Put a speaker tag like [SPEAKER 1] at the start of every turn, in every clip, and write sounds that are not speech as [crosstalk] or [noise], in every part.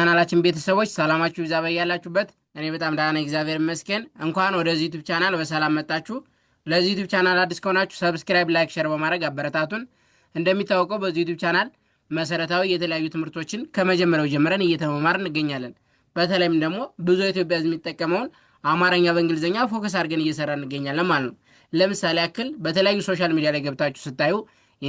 [SPEAKER 1] ቻናላችን ቤተሰቦች ሰላማችሁ ይብዛ በያላችሁበት። እኔ በጣም ደህና ነኝ፣ እግዚአብሔር ይመስገን። እንኳን ወደዚህ ዩቱብ ቻናል በሰላም መጣችሁ። ለዚህ ዩቱብ ቻናል አዲስ ከሆናችሁ ሰብስክራይብ፣ ላይክ፣ ሸር በማድረግ አበረታቱን። እንደሚታወቀው በዚህ ዩቱብ ቻናል መሰረታዊ የተለያዩ ትምህርቶችን ከመጀመሪያው ጀምረን እየተመማር እንገኛለን። በተለይም ደግሞ ብዙ ኢትዮጵያ ሕዝብ የሚጠቀመውን አማርኛ በእንግሊዝኛ ፎከስ አድርገን እየሰራ እንገኛለን ማለት ነው። ለምሳሌ ያክል በተለያዩ ሶሻል ሚዲያ ላይ ገብታችሁ ስታዩ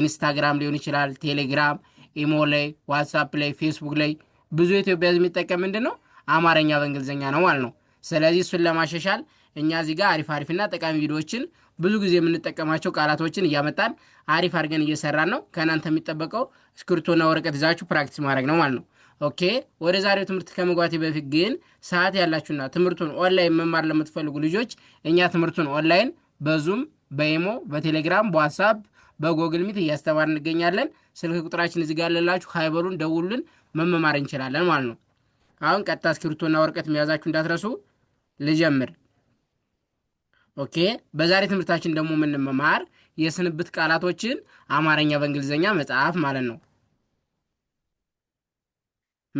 [SPEAKER 1] ኢንስታግራም ሊሆን ይችላል፣ ቴሌግራም፣ ኢሞ ላይ፣ ዋትሳፕ ላይ፣ ፌስቡክ ላይ ብዙ ኢትዮጵያ ህዝብ የሚጠቀም ምንድን ነው? አማርኛ በእንግሊዝኛ ነው ማለት ነው። ስለዚህ እሱን ለማሻሻል እኛ እዚህ ጋር አሪፍ አሪፍና ጠቃሚ ቪዲዮዎችን ብዙ ጊዜ የምንጠቀማቸው ቃላቶችን እያመጣን አሪፍ አድርገን እየሰራን ነው። ከእናንተ የሚጠበቀው እስክሪብቶና ወረቀት ይዛችሁ ፕራክቲስ ማድረግ ነው ማለት ነው። ኦኬ ወደ ዛሬው ትምህርት ከመግባቴ በፊት ግን ሰዓት ያላችሁና ትምህርቱን ኦንላይን መማር ለምትፈልጉ ልጆች እኛ ትምህርቱን ኦንላይን በዙም በኢሞ በቴሌግራም በዋትሳፕ በጎግል ሚት እያስተማር እንገኛለን። ስልክ ቁጥራችን እዚህ ጋር ያለላችሁ ሀይበሉን ደውሉን። መመማር እንችላለን ማለት ነው። አሁን ቀጥታ እስክሪብቶና ወረቀት መያዛችሁ እንዳትረሱ። ልጀምር። ኦኬ። በዛሬ ትምህርታችን ደግሞ የምንመማር የስንብት ቃላቶችን አማርኛ በእንግሊዝኛ መጽሐፍ ማለት ነው።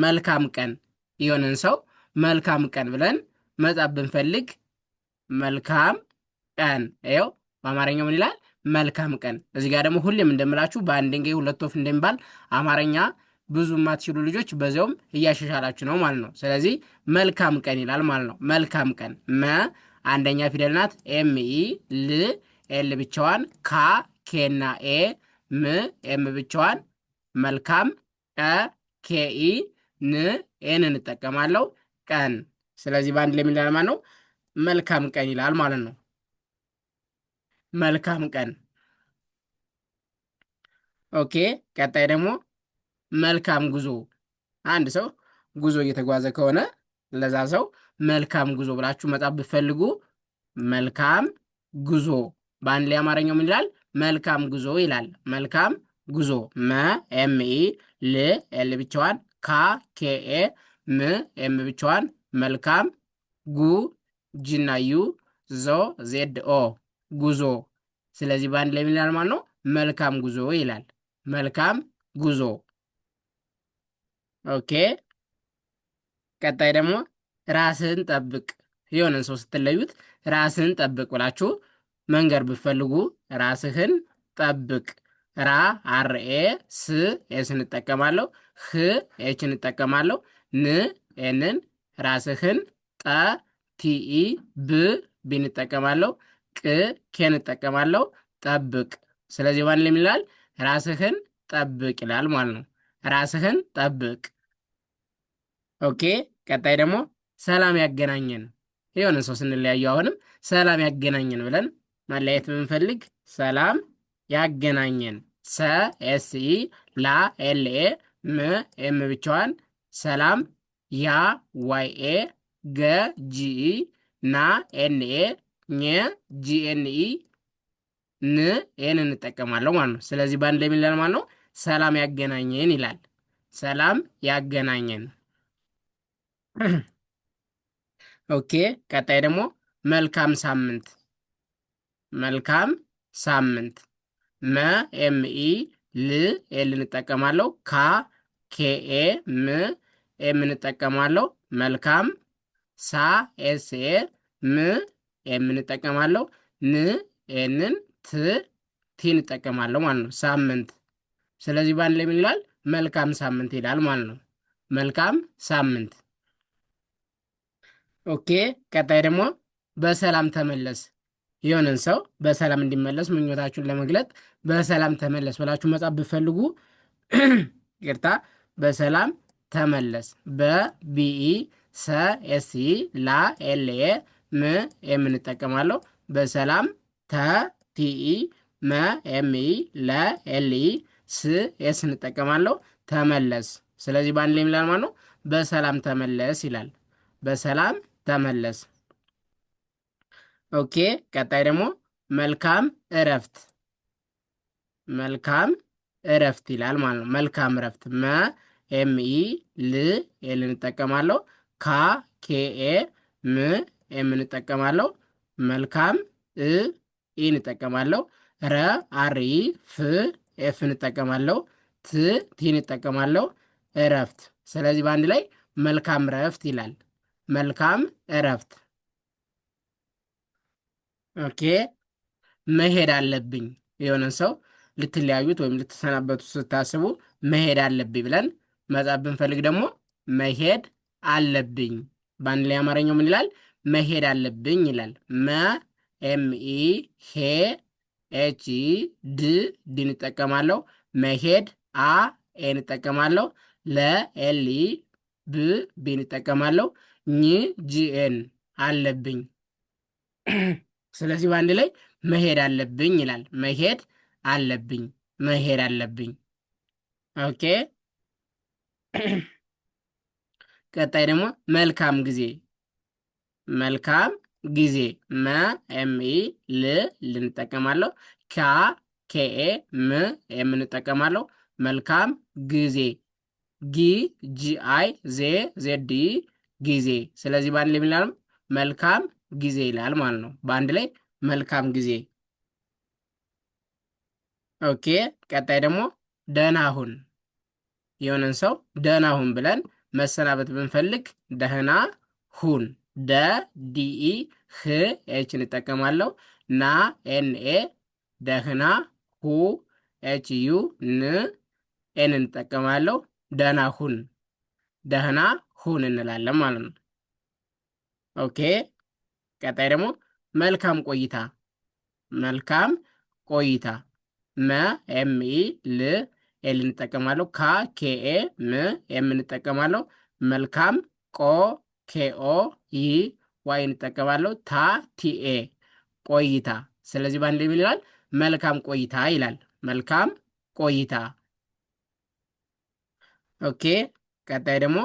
[SPEAKER 1] መልካም ቀን የሆነን ሰው መልካም ቀን ብለን መጻፍ ብንፈልግ መልካም ቀን ው በአማርኛው ምን ይላል? መልካም ቀን። እዚህ ጋር ደግሞ ሁሌም እንደምላችሁ በአንድ ድንጋይ ሁለት ወፍ እንደሚባል አማርኛ ብዙ የማትችሉ ልጆች በዚያውም እያሻሻላችሁ ነው ማለት ነው። ስለዚህ መልካም ቀን ይላል ማለት ነው። መልካም ቀን መ አንደኛ ፊደል ናት። ኤም ኢ ል ኤል ብቻዋን ካ ኬና ኤ ም ኤም ብቻዋን መልካም ቀ ኬኢ ን ኤን እንጠቀማለው ቀን። ስለዚህ በአንድ ላይ የሚላል ማለት ነው። መልካም ቀን ይላል ማለት ነው። መልካም ቀን። ኦኬ ቀጣይ ደግሞ መልካም ጉዞ። አንድ ሰው ጉዞ እየተጓዘ ከሆነ ለዛ ሰው መልካም ጉዞ ብላችሁ መጻፍ ብትፈልጉ መልካም ጉዞ በአንድ ላይ አማርኛው ምን ይላል? መልካም ጉዞ ይላል። መልካም ጉዞ መ ኤምኢ ል ኤል ብቻዋን ካ ኬኤ ም ኤም ብቻዋን መልካም ጉ ጅና ዩ ዞ ዜድ ኦ ጉዞ። ስለዚህ በአንድ ላይ ምን ይላል ማለት ነው? መልካም ጉዞ ይላል። መልካም ጉዞ ኦኬ። ቀጣይ ደግሞ ራስን ጠብቅ። የሆነን ሰው ስትለዩት ራስን ጠብቅ ብላችሁ መንገር ብትፈልጉ ራስህን ጠብቅ። ራ አርኤ ስ ኤስ እንጠቀማለሁ። ህ ኤች እንጠቀማለሁ። ን ኤንን ራስህን ጠ ቲኢ ብ ቢ እንጠቀማለሁ። ቅ ኬ እንጠቀማለሁ። ጠብቅ። ስለዚህ ዋን ይላል ራስህን ጠብቅ ይላል ማለት ነው። ራስህን ጠብቅ። ኦኬ። ቀጣይ ደግሞ ሰላም ያገናኘን የሆነ ሰው ስንለያዩ አሁንም ሰላም ያገናኘን ብለን መለያየት ብንፈልግ ሰላም ያገናኘን ሰ ኤስኢ ላ ኤልኤ ም ኤም ብቻዋን ሰላም ያ ኤ ገ ጂኢ ና ኤንኤ ኘ ጂኤንኢ ን ኤን እንጠቀማለሁ ማለት ነው። ስለዚህ በአንድ ላይ የሚለን ማለት ነው ሰላም ያገናኘን ይላል። ሰላም ያገናኘን። [clears throat] ኦኬ። ቀጣይ ደግሞ መልካም ሳምንት፣ መልካም ሳምንት። መ ኤምኢ ል ኤል እንጠቀማለሁ። ካ ኬኤ ም ኤም እንጠቀማለሁ። መልካም ሳ ኤስኤ ም ኤም እንጠቀማለሁ። ን ኤንን ት ቲ እንጠቀማለሁ ማለት ነው። ሳምንት ስለዚህ ባንድ ላይ ምን ይላል? መልካም ሳምንት ይላል ማለት ነው። መልካም ሳምንት። ኦኬ። ቀጣይ ደግሞ በሰላም ተመለስ። የሆነን ሰው በሰላም እንዲመለስ ምኞታችሁን ለመግለጥ በሰላም ተመለስ ብላችሁ መጻፍ ብፈልጉ [clears throat] ይቅርታ፣ በሰላም ተመለስ በቢኢ ሰ ኤስሲ ላ ኤልኤ ም የምንጠቀማለው በሰላም ተ ቲኢ መ ኤምኢ ለ ኤልኢ ስ ኤስ እንጠቀማለሁ ተመለስ። ስለዚህ በአንድ ላይ የሚላል ማለት ነው በሰላም ተመለስ ይላል። በሰላም ተመለስ። ኦኬ። ቀጣይ ደግሞ መልካም እረፍት መልካም እረፍት ይላል ማለት ነው። መልካም እረፍት መ ኢ ል ኤል እንጠቀማለሁ ካ ኤ ም ኤም እንጠቀማለሁ መልካም እ ኢ እንጠቀማለሁ ረ አር ኢ ፍ ኤፍን እጠቀማለሁ ት ቲን እጠቀማለሁ እረፍት። ስለዚህ በአንድ ላይ መልካም እረፍት ይላል። መልካም እረፍት። ኦኬ። መሄድ አለብኝ የሆነን ሰው ልትለያዩት ወይም ልትሰናበቱ ስታስቡ መሄድ አለብኝ ብለን መጻፍ ብንፈልግ ደግሞ መሄድ አለብኝ። በአንድ ላይ አማርኛው ምን ይላል? መሄድ አለብኝ ይላል። መ ኤምኢ ሄ ኤች ድ ድ እንጠቀማለሁ። መሄድ አ ኤ እንጠቀማለሁ። ለኤል ብ ቢ እንጠቀማለሁ። ኝ ጂኤን አለብኝ። ስለዚህ በአንድ ላይ መሄድ አለብኝ ይላል። መሄድ አለብኝ፣ መሄድ አለብኝ። ኦኬ። ቀጣይ ደግሞ መልካም ጊዜ መልካም ጊዜ መ ኤም ኢ ል ልንጠቀማለሁ። ካ ኬኤ ም የምንጠቀማለሁ። መልካም ጊዜ ጊ ጂ አይ ዜ ዜድ ጊዜ። ስለዚህ በአንድ ላይ የሚላል መልካም ጊዜ ይላል ማለት ነው። በአንድ ላይ መልካም ጊዜ። ኦኬ። ቀጣይ ደግሞ ደህና የሆነን ሰው ደህና ብለን መሰናበት ብንፈልግ ደህና ሁን ደ ዲኢ ህ ኤች እንጠቀማለሁ ና ኤንኤ ደህና ሁ ኤች ዩ ን ኤን እንጠቀማለሁ ደህና ሁን ደህና ሁን እንላለን ማለት ነው። ኦኬ ቀጣይ ደግሞ መልካም ቆይታ መልካም ቆይታ መ ኤምኢ ል ኤል እንጠቀማለሁ ካ ኬኤ ም ኤም እንጠቀማለሁ መልካም ቆ ኬኦ ይ ዋይ e እንጠቀማለሁ ታ ቲኤ ቆይታ። ስለዚህ በአንድ ላይ ይላል መልካም ቆይታ ይላል። መልካም ቆይታ። ኦኬ። ቀጣይ ደግሞ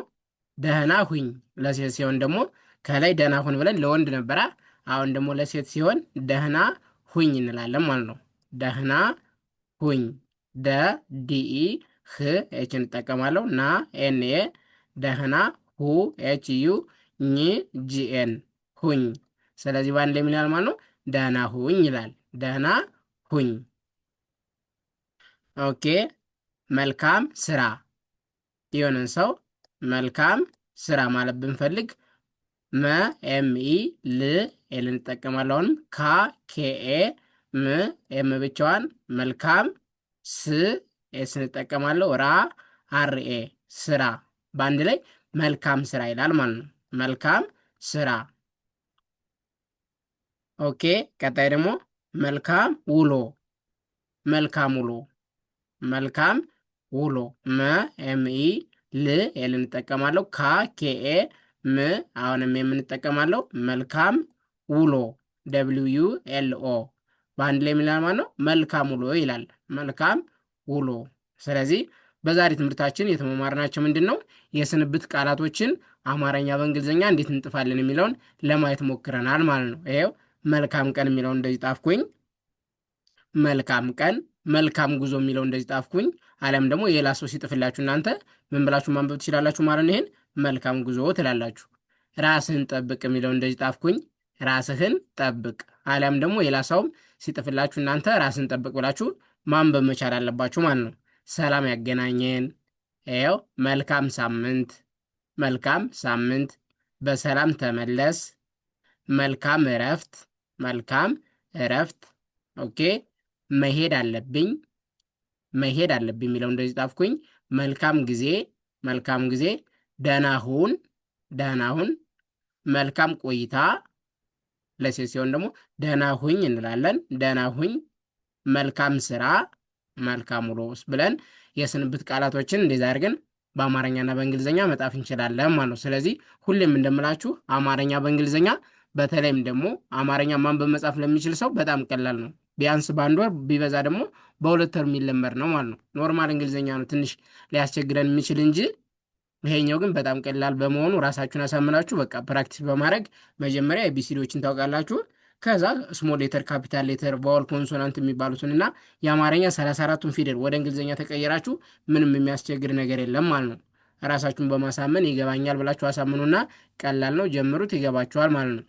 [SPEAKER 1] ደህና ሁኝ ለሴት ሲሆን ደግሞ ከላይ ደህና ሁን ብለን ለወንድ ነበራ። አሁን ደግሞ ለሴት ሲሆን ደህና ሁኝ እንላለን ማለት ነው። ደህና ሁኝ ደ ዲኢ ህ ኤች እንጠቀማለሁ ና ኤንኤ ደህና ሁ ኤች ዩ ኝ ጂኤን ሁኝ። ስለዚህ በአንድ ምን ይላል ማለት ነው? ደህና ሁኝ ይላል። ደህና ሁኝ። ኦኬ። መልካም ስራ የሆነን ሰው መልካም ስራ ማለት ብንፈልግ መ ኤም ኢ ል ኤል እንጠቀማለን። አሁንም ካ ኬኤ ም ኤም ብቻዋን መልካም ስ ኤስ እንጠቀማለሁ። ራ አርኤ ስራ በአንድ ላይ መልካም ስራ ይላል ማለት ነው። መልካም ስራ። ኦኬ። ቀጣይ ደግሞ መልካም ውሎ፣ መልካም ውሎ፣ መልካም ውሎ። መ ኤም ኢ ል ኤል እንጠቀማለሁ። ካ ኬኤ ም አሁንም የምንጠቀማለሁ። መልካም ውሎ ደብልዩ ኤል ኦ በአንድ ላይ የሚላል ማለት ነው። መልካም ውሎ ይላል። መልካም ውሎ ስለዚህ በዛሬ ትምህርታችን የተመማርናቸው ምንድን ነው የስንብት ቃላቶችን አማርኛ በእንግሊዝኛ እንዴት እንጥፋለን የሚለውን ለማየት ሞክረናል ማለት ነው። ይኸው መልካም ቀን የሚለውን እንደዚህ ጣፍኩኝ። መልካም ቀን፣ መልካም ጉዞ የሚለው እንደዚህ ጣፍኩኝ። አሊያም ደግሞ የሌላ ሰው ሲጥፍላችሁ እናንተ ምን ብላችሁ ማንበብ ትችላላችሁ ማለት ነው። ይህን መልካም ጉዞ ትላላችሁ። ራስህን ጠብቅ የሚለው እንደዚህ ጣፍኩኝ። ራስህን ጠብቅ አሊያም ደግሞ የሌላ ሰውም ሲጥፍላችሁ እናንተ ራስህን ጠብቅ ብላችሁ ማንበብ መቻል አለባችሁ ማለት ነው። ሰላም ያገናኘን። ው መልካም ሳምንት፣ መልካም ሳምንት፣ በሰላም ተመለስ፣ መልካም እረፍት፣ መልካም እረፍት። ኦኬ መሄድ አለብኝ፣ መሄድ አለብኝ የሚለው እንደዚህ ጣፍኩኝ። መልካም ጊዜ፣ መልካም ጊዜ፣ ደህናሁን፣ ደህናሁን፣ መልካም ቆይታ። ለሴት ሲሆን ደግሞ ሁኝ እንላለን። ሁኝ መልካም ስራ መልካም ውሎ ብለን የስንብት ቃላቶችን እንደዛ አድርገን በአማርኛና በእንግሊዝኛ መጻፍ እንችላለን ማለት ነው። ስለዚህ ሁሌም እንደምላችሁ አማርኛ በእንግሊዝኛ በተለይም ደግሞ አማርኛ ማንበብ መጻፍ ለሚችል ሰው በጣም ቀላል ነው። ቢያንስ በአንድ ወር ቢበዛ ደግሞ በሁለት ወር የሚለመድ ነው ማለት ነው። ኖርማል እንግሊዝኛ ነው ትንሽ ሊያስቸግረን የሚችል እንጂ ይሄኛው ግን በጣም ቀላል በመሆኑ ራሳችሁን አሳምናችሁ በቃ ፕራክቲስ በማድረግ መጀመሪያ የቢሲዲዎችን ታውቃላችሁ ከዛ ስሞል ሌተር ካፒታል ሌተር ቫወል ኮንሶናንት የሚባሉትን እና የአማርኛ 34ቱን ፊደል ወደ እንግሊዝኛ ተቀየራችሁ ምንም የሚያስቸግር ነገር የለም ማለት ነው። ራሳችሁን በማሳመን ይገባኛል ብላችሁ አሳምኑና ቀላል ነው፣ ጀምሩት፣ ይገባችኋል ማለት ነው።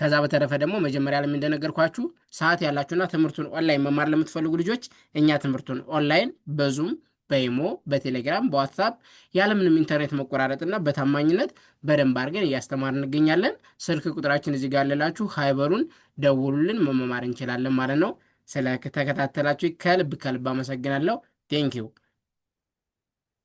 [SPEAKER 1] ከዛ በተረፈ ደግሞ መጀመሪያ ላይ እንደነገርኳችሁ ሰዓት ያላችሁና ትምህርቱን ኦንላይን መማር ለምትፈልጉ ልጆች እኛ ትምህርቱን ኦንላይን በዙም በኢሞ በቴሌግራም በዋትሳፕ ያለምንም ኢንተርኔት መቆራረጥና በታማኝነት በደንብ አድርገን እያስተማር እንገኛለን። ስልክ ቁጥራችን እዚህ ጋር ልላችሁ፣ ሀይበሩን ደውሉልን፣ መመማር እንችላለን ማለት ነው። ስለተከታተላችሁ ከልብ ከልብ አመሰግናለሁ። ቴንኪው